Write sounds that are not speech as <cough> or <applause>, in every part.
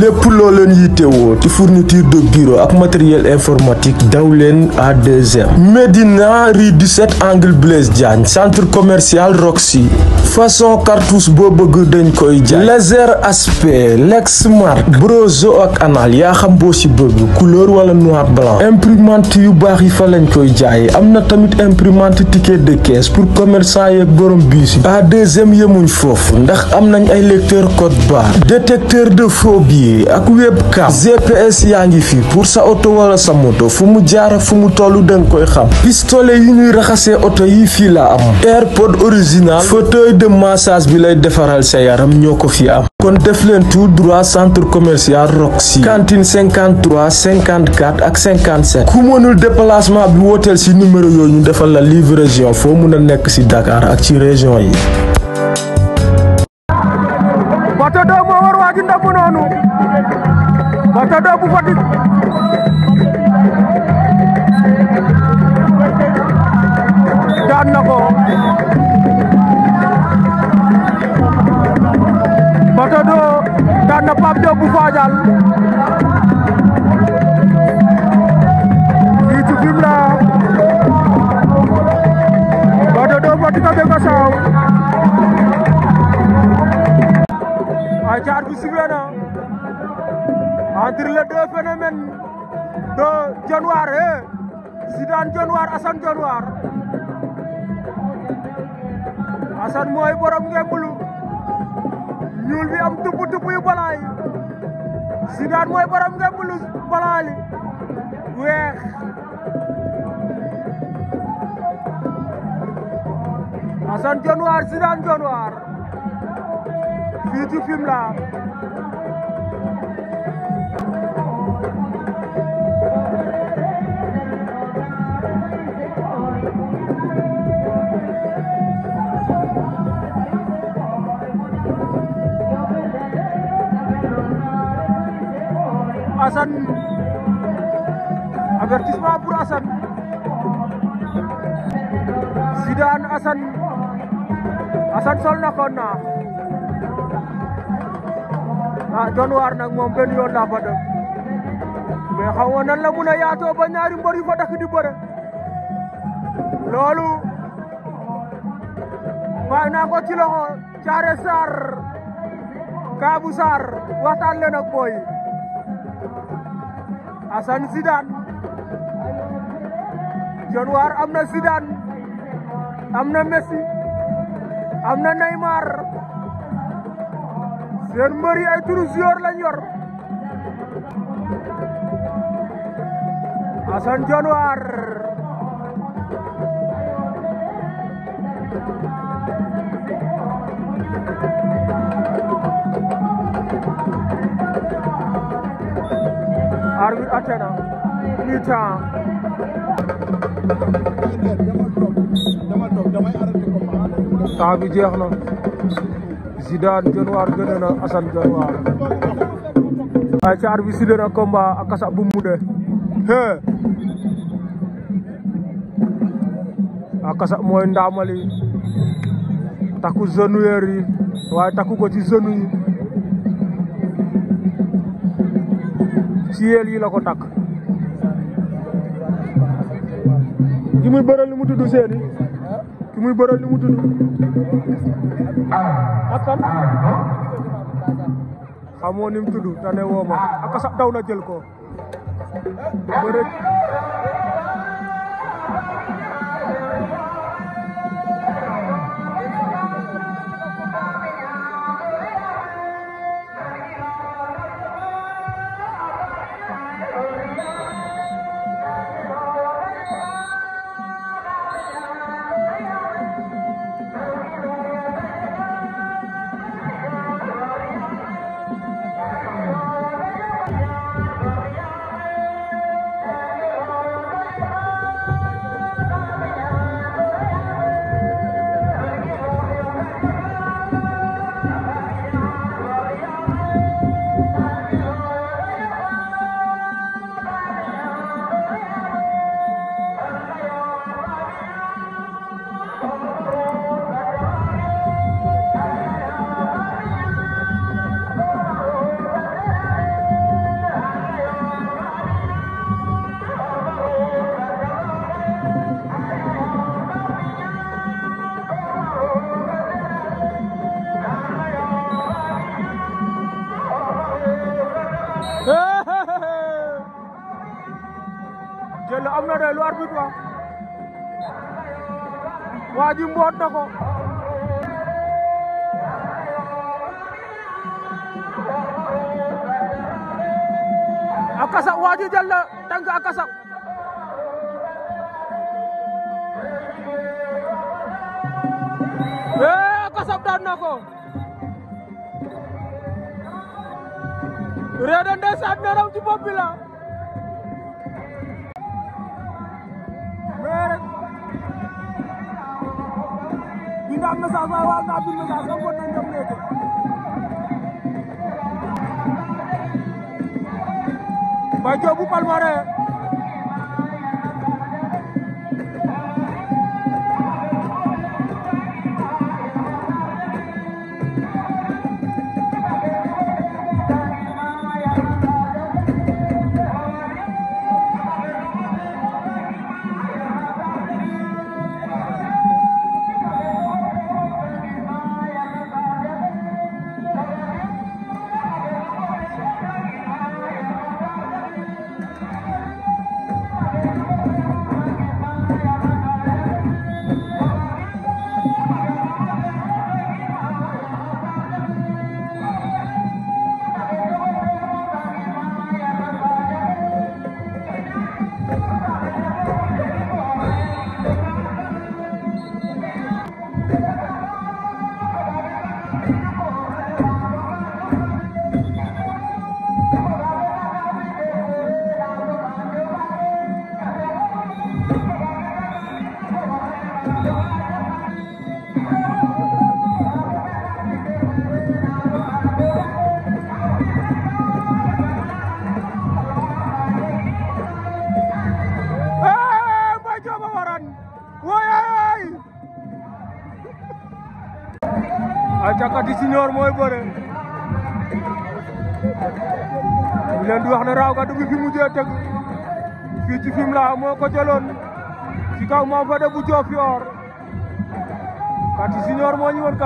lépp loo leen yittewoo ci fourniture de bureau ak matériel informatique daw leen à 2M Médina rue 17 angle Blaise Diagne centre commercial Roxy façon cartouche boo bëgg dañ koy jaay laser aspect Lexmark Brozo ak anal yaa xam boo si bëgg couleur wala noir blanc imprimante yu baax yi fa lañ koy jaay am na tamit imprimante ticket de caisse pour commerçant yeeg borom biis yi à 2M yemuñ foofu ndax am nañ ay lecteur code barre détecteur de faux billets yi ak webcam GPS yaa ngi fi pour sa oto wala sa moto fu mu jaar fu mu toll danga koy xam pistolet yi ñuy raxasee oto yi fii la am AirPod original fauteuil dem massage bi lay defaral sa yaram ñoo ko fi am kon def leen tout droit centre commercial Roxy cantine 53 54 ak 57 ku mënul déplacement bi wooteel ci numéro yooyu ñu defal la livraison foo mën a nekk ci Dakar ak ci région yi te doo bu Fatick daan na ko Batado daan na Pape Diop bu Fadial fii ci Fimela Batado Fatick a Mbégue Sow ay caar bi sifflé na entre les deux phénomènes de John War et Zidane John War mooy borom ngembulu ñuul bi am tupp tupp yu balaa mooy borom ngembulu balaa li weex Assane John War Zidane John War fii ci Assane avertissement pour Assane Zidane Assane Assane sol na ko naa ah waar nag moom benn yoon laa fa def mais xaw ma nan la mun a yaatoo ba ñaari mbër yu fa dakk di bëre loolu bàyyi naa ko ci loxo caare Sarr Kaabu Sarr waxtaan leen ak booy Assane Zidane John War am na Zidane na Messi am Neymar seen mbër ay turu joueur lañ yor Assane John arbitre atte na mi-temps temps bi jeex Zidane Dionewar gën na Assane Dionewar ay ci arbitre si dena combat he ak kasa mooy ndaamali takku genouillère yi takut takku ko ci yéel la ko takk ki muy bëral li mu tudd seeni ki muy bëral li mu tudd ak ni mu tane woo ma ak sax daw jël ko bërëj waa ji mboot na ko a kasa waa ji jël na tànk a kasa ee eh, a kasa daan na ko reede ndeysaan neraw ci bopp bi na message waaye waat naa biir message nga léegi Mbaye Diop bu Aca Kati Senior mooy bëre ñu leen di wax ne Raw Gadu bi fi fii ci Fimela moo ko jëloon ci kaw Mame Fadé bu Diofior Kati Senior moo ñu woon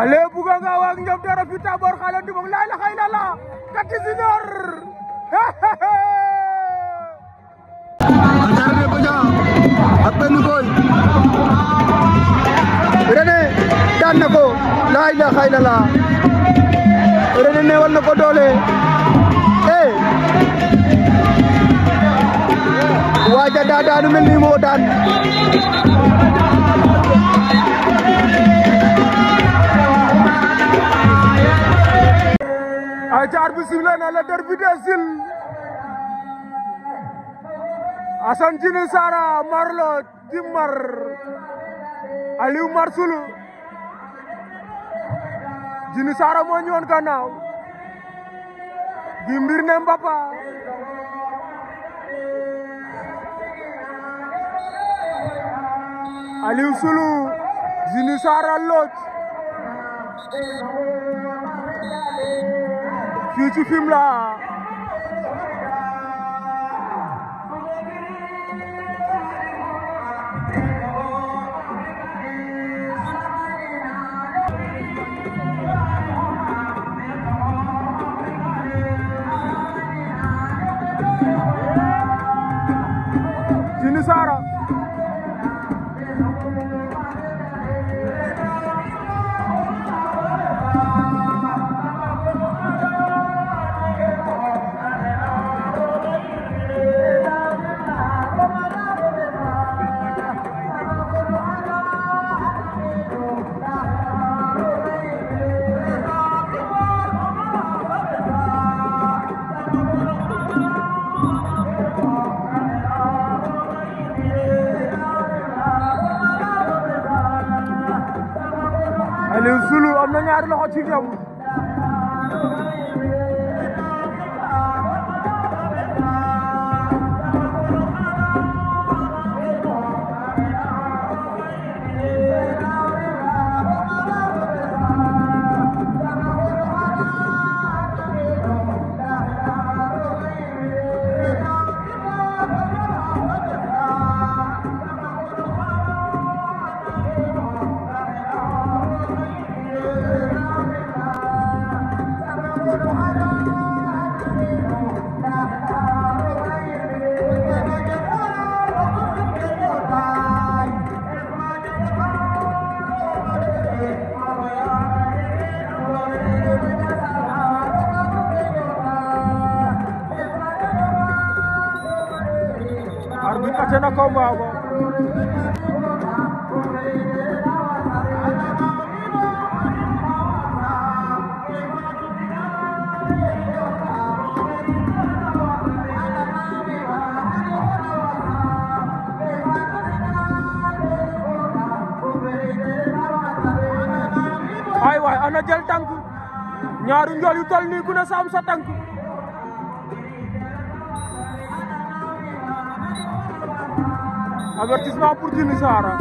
ale buga nga wax ñoom fi tabor xale di laa la xay la la kati si ñor Antarne Boja ak benn góol na ko laa la xay néewal na ko doole eh waaja daa daanu mel ni moo daan ay caar bi sifle na la derbi de sil Assane Djily Sara Marlo Jimmar Aliou Marsulu Djily Sara moo ñëwoon gannaaw di mbir ne Mbappa Aliou Soulou Jini Sara fii ci Fimela Aliou Soulou am na ñaari loxo ci kaw tena kwa mwabo ay way ana jël tànk ñaaru ndol yu tol ni ku ne am sa tànk avertissement pour Jini Saara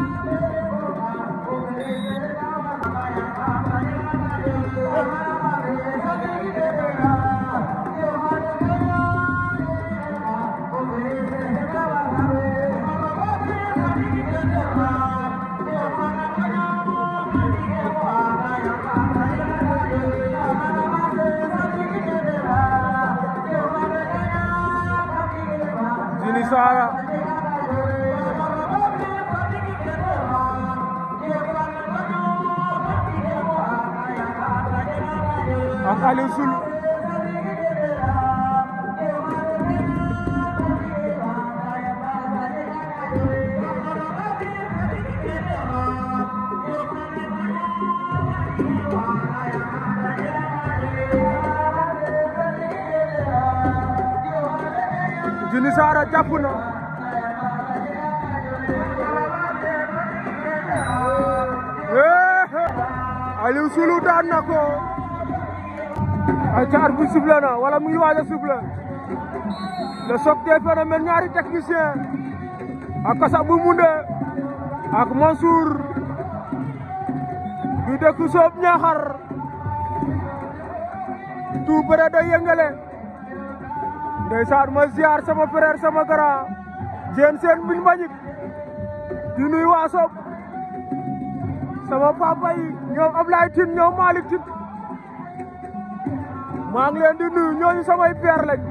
Jini Saara Aliou Soul Jini Saara jàpp na eh, eh. Aliou Soul daan na ko ay ca arbitre sifflé na mu ngi a sifflé le choc des phénomènes ñaari technicien ak Kassabou Moundé ak Mansour du dëkk Soob Ñaaxar tout bëre day yëngale ndeysaan ma ziar sama frère sama grand jéen seen biñ bañik di nuy waa sama papa ñoom Ablaye Tine ñoom Malick Tine Manglian ngi leen di nuyu ñooñu samay peer lañ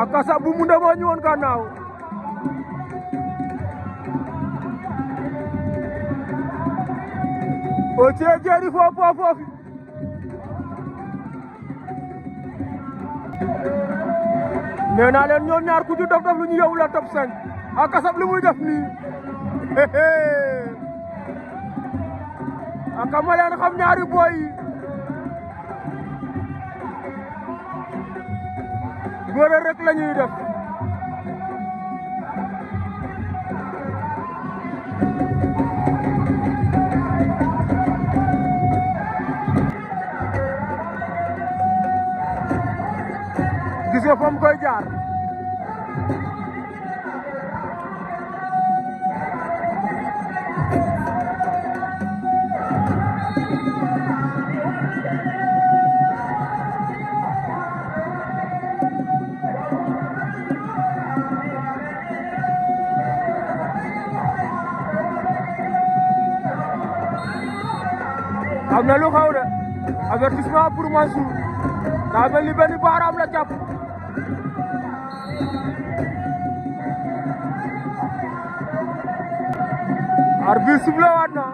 ak kasa bu mu ndemoo ñu woon gannaaw o ku dof dof lu ñu yow la top 5 ak lu muy def nii ak xam ñaari yi góore rek la ñuy def gis nga fa koy jaar am na lu xaw de avertissement pour Mansour daa mel ni benn baaraam la jàpp arbitre sifflé waat na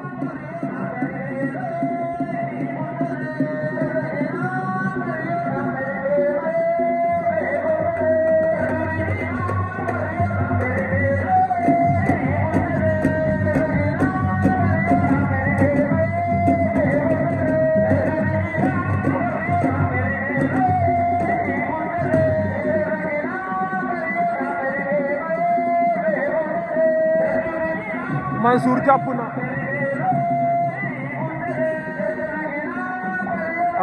Mansour jàpp na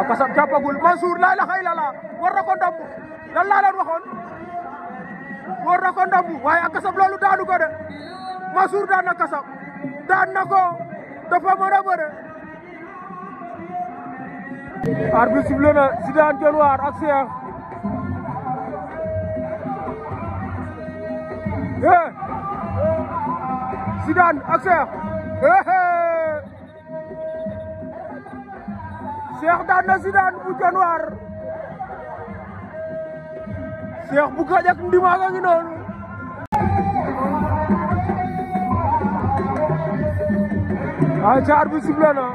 akasam jàppagul Mansour laa ilaha illallah war na ko ndàmbu lan laa leen waxoon war na ko ndàmbu waaye akasam loolu daanu ko de Mansour na kasam daan na ko dafa mën a bëre arbitre sifflé na Zidane Dione War ak Zidane ak Cheikh Cheikh daan na Zidane bu januar Cheikh bu gàj ak ndimaag a ngi noonu a ah, caar bi sible na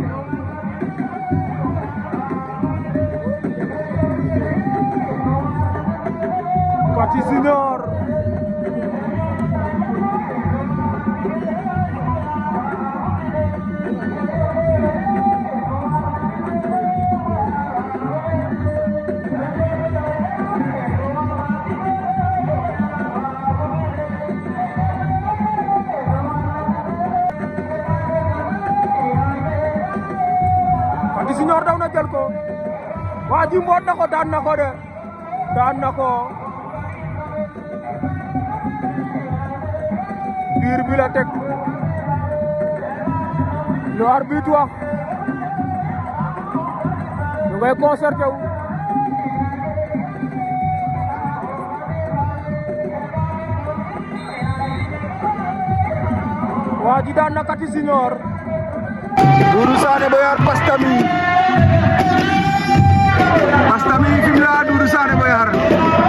Patisina jël ko waa mboot na ko daan na ko de daan na ko biir bi teg lu arbitre wax ñu ngay concerté wu waa ji daan na kati siñoor Doudou Sané ba pastami Astami Fimela Doudou Sané Boy Xar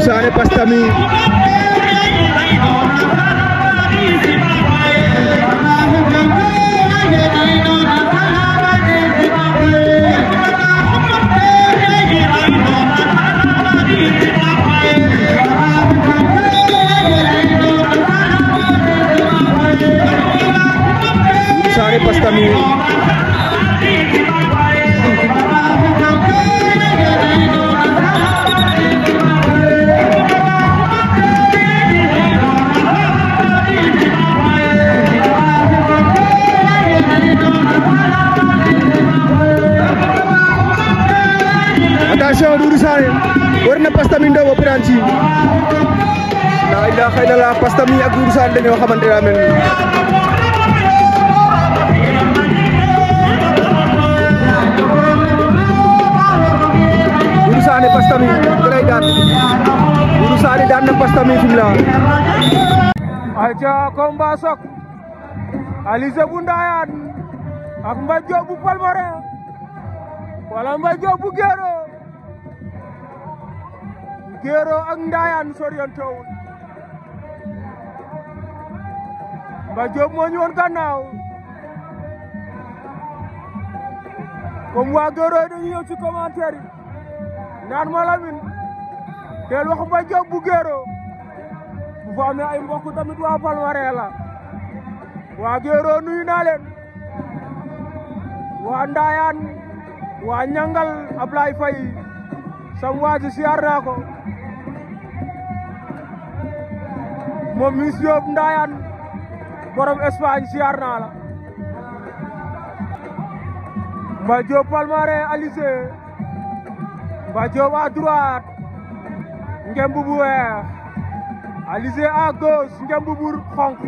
Susane Pastami. Susane Pastami. Doudou Sané war na Pastami Ndaw a Piranti la ilaha illallah Pastami ak Doudou Sané dañoo xamante daa mel Doudou Sané Pastami dalay daan Doudou Sané daan na Pastami fi mu la aca combat sok Alizé bu Ndayane ak Mbaye Diop bu Palmarin wala Mbaye Diop bu Guéro Guéro ak Ndayane soriantewul ba Diop moo ñu woon gannaaw kom wa gero dañu ñew ci commentaire yi mo ma Lamine del waxu ba Diop bu gero bu fa amee ay mbokk tamit wa fal waré la wa gero nuy naa leen waa Ndayane waa Ñangal ablay fay sam waaji siyaar naa ko moom Miss Diop Ndayane borom Espagne siyaar naa la Mbaye Diop Palmarin Alizé Mbaye Diop à droite ngemb bu weex Alizé à gauche ngemb bu xonk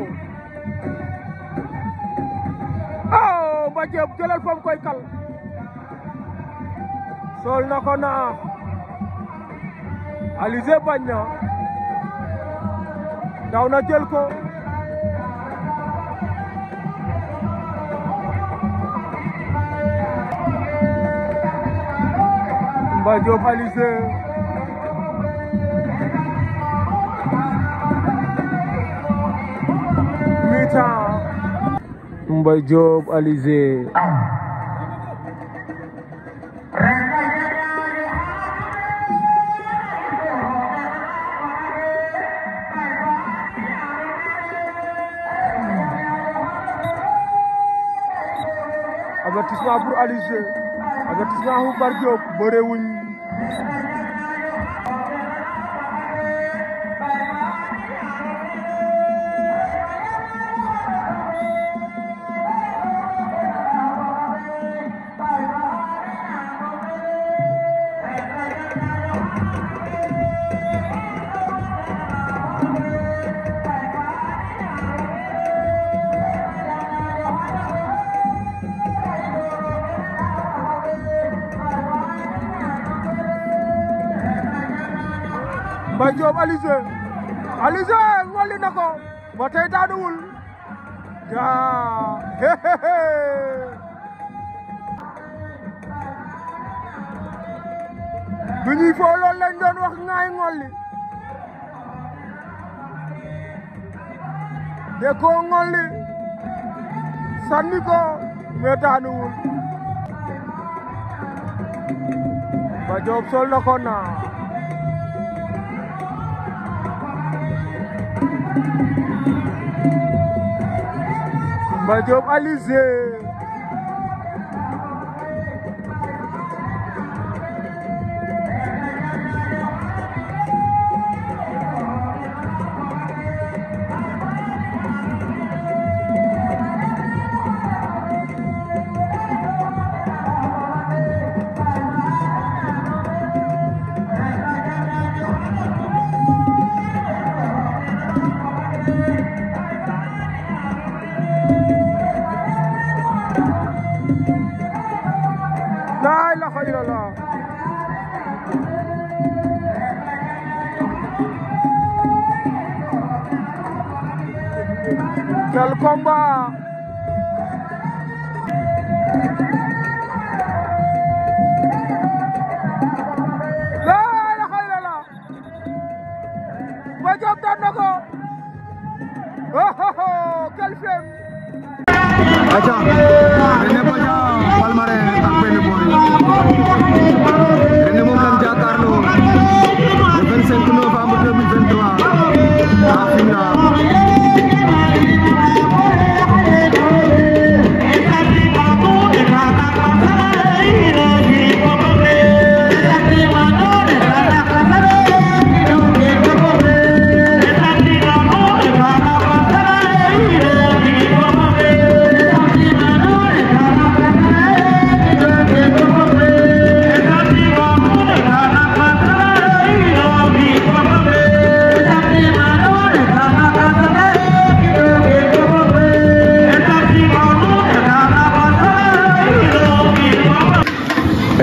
oh, koy kal sol na ko naax Aliou G bañ na daw na jël ko Mbaye Diop Aliou G mi Aliou Seye avertissement bu Bar Diop bëre wuñ Mbaye Diop Alizé Alizé ngolli na ko ba tey daanuwul jaa <laughs> du ñuy foo loolu lañ doon wax ngaay ngolli de ko ngolli sànni ko mais daanuwul Mbaye Diop sol na ko naa Mbaye Diop Alizé 来将。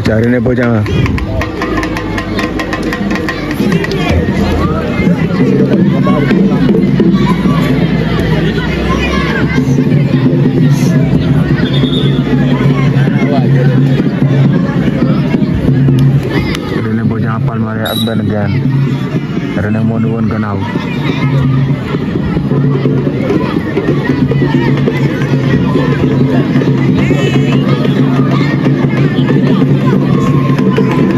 cari nih bocah Ini bocah apal mari akbar negan. Meron ang monuon ganaw. Thank you.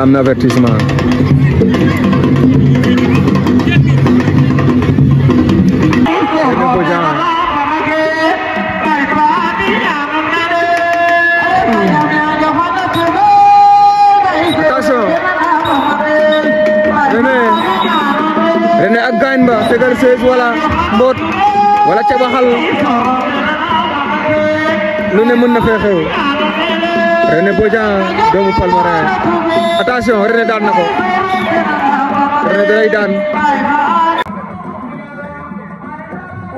Madame l'avertissement. Rene ak gaañ ba tegal sees wala mboot wala cabaxal lu ne mën na fee xew René Bodian doomu Palmarin attention René daan na ko René daan.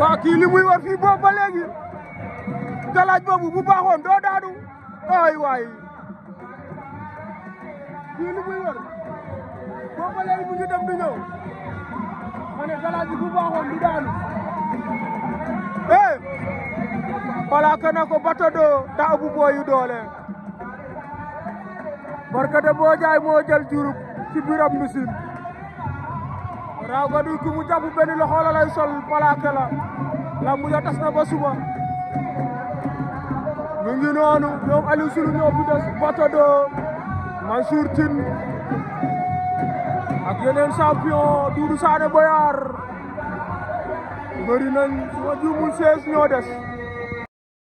waa kii li muy war fii boobu ba léegi galaaj boobu doo daanu ay waay kii li muy bi daanu eh wala kana ko bato do ta abu boyu doole Barkate Boy Ndiaye moo jël Diouroup ci biram misin Raawgadu ki mu jàpp benn sol palaake la la na ba suba ngi noonu ñoom Aliou Soulou ñoo fi des Batodo Mansour Tine ak yeneen champion Doudou Sané Boyar bëri nañ su ñoo des